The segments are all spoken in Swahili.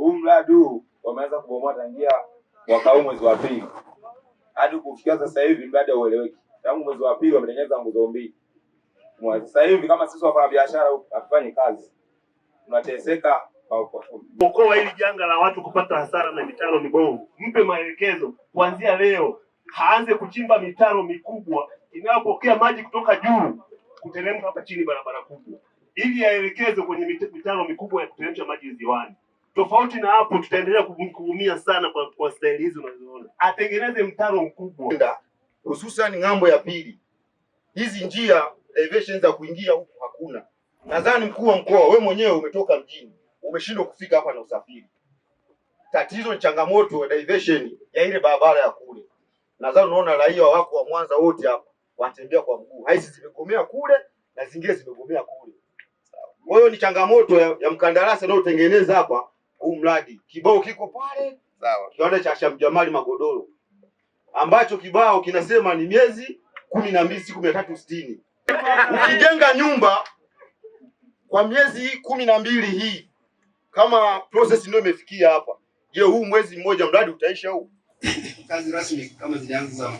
huu mradi huu wameanza kubomoa tangia mwaka huu mwezi wa pili hadi kufikia sasa hivi mradi haueleweki. Tangu mwezi wa pili wametengeneza nguzo mbili. Sasa hivi kama sisi wafanya biashara hatufanyi kazi, tunateseka. Okoa hili janga la watu kupata hasara na mitaro mibovu, mpe maelekezo kuanzia leo, haanze kuchimba mitaro mikubwa inayopokea maji kutoka juu kuteremka hapa chini barabara kubwa, ili yaelekezwe kwenye mitaro mikubwa ya kuteremsha maji ziwani. Tofauti na hapo, tutaendelea kuumia sana kwa, kwa staili hizi unazoona. Atengeneze mtaro mkubwa, hususan ng'ambo ya pili. Hizi njia elevation za kuingia huku hakuna. Nadhani mkuu wa mkoa, we mwenyewe umetoka mjini, umeshindwa kufika hapa na usafiri. Tatizo ni changamoto ya diversion ya ile barabara ya kule. Nadhani unaona raia wako wa Mwanza wote hapa wanatembea kwa mguu, haisi zimegomea kule na zingine zimegomea kule. Kwa hiyo ni changamoto ya, ya mkandarasi anayotengeneza hapa huu mradi, kibao kiko pale sawa, kiwanda cha Shamjamali Magodoro ambacho kibao kinasema ni miezi kumi na mbili siku mia tatu sitini ukijenga nyumba kwa miezi kumi na mbili hii, kama process ndio imefikia hapa, je, huu mwezi mmoja mradi utaisha huu? Kazi rasmi kama zilianza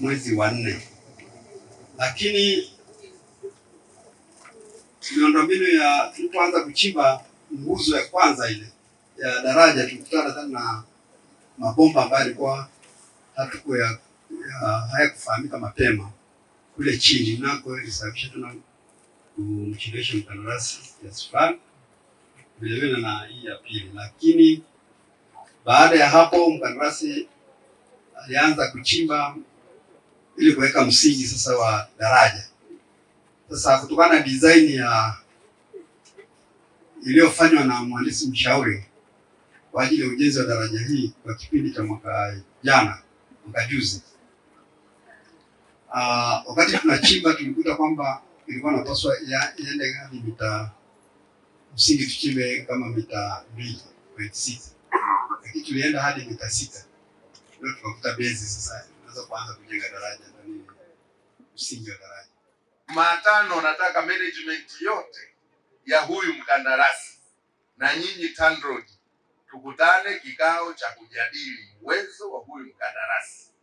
mwezi wa nne, lakini miundombinu ya tulipoanza kuchimba nguzo ya kwanza ile ya daraja tulikutana sana na mabomba ambayo yalikuwa ya hayakufahamika mapema kule chini, nako ilisababisha tuna kumchelewesha mkandarasi kiasi fulani, vilevile na hii ya pili. Lakini baada ya hapo mkandarasi alianza kuchimba ili kuweka msingi sasa wa daraja. Sasa kutokana na design ya iliyofanywa na mhandisi mshauri kwa ajili ya ujenzi wa daraja hili kwa kipindi cha mwaka jana mwaka juzi. Uh, wakati tunachimba tulikuta kwamba ilikuwa napaswa iende hadi mita msingi, tuchimbe kama mita mbili sita lakini tulienda hadi mita sita ndio tukakuta bezi sasa tunaweza kuanza kujenga daraja ndani msingi wa daraja. matano. nataka management yote ya huyu mkandarasi na nyinyi TANROADS tukutane kikao cha kujadili uwezo wa huyu mkandarasi,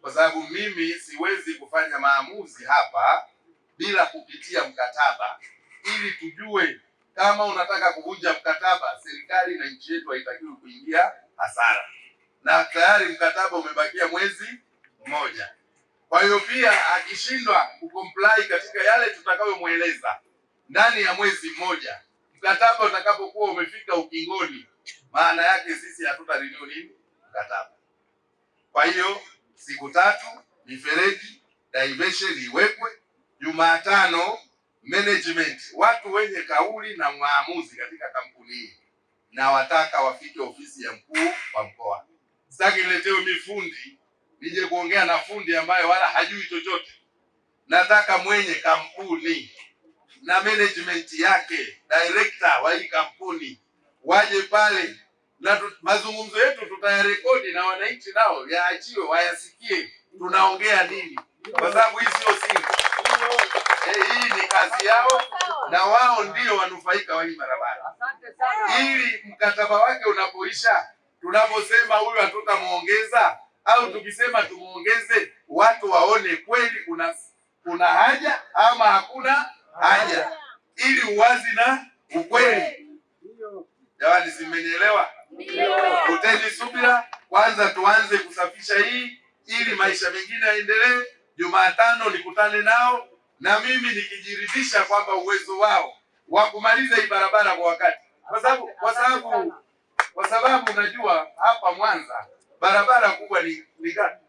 kwa sababu mimi siwezi kufanya maamuzi hapa bila kupitia mkataba, ili tujue kama unataka kuvunja mkataba, serikali na nchi yetu haitakiwi kuingia hasara, na tayari mkataba umebakia mwezi mmoja. Kwa hiyo pia akishindwa kucomply katika yale tutakayomweleza ndani ya mwezi mmoja, mkataba utakapokuwa umefika ukingoni maana yake sisi hatuta renew nini mkataba. Kwa hiyo siku tatu mifereji diversion iwekwe. Jumatano management, watu wenye kauli na maamuzi katika kampuni hii na wataka wafike ofisi ya mkuu wa mkoa. Sitaki niletewe mifundi nije kuongea na fundi ambaye wala hajui chochote. Nataka mwenye kampuni na management yake, director wa hii kampuni waje pale na mazungumzo yetu tutayarekodi na wananchi nao yaachiwe wayasikie tunaongea nini, kwa sababu hii sio siri. Eh, hii ni kazi yao na wao ndio wanufaika wa hii barabara, ili mkataba wake unapoisha, tunaposema huyu hatutamuongeza au tukisema tumuongeze, watu waone kweli kuna kuna haja ama hakuna haja, ili uwazi na ukweli Jamani, simenielewa? Hutaji subira kwanza, tuanze kusafisha hii ili maisha mengine yaendelee. Jumatano nikutane nao na mimi nikijiridhisha kwamba uwezo wao wa kumaliza hii barabara kwa wakati, kwa sababu kwa sababu kwa sababu unajua hapa Mwanza barabara kubwa ni, ni gani?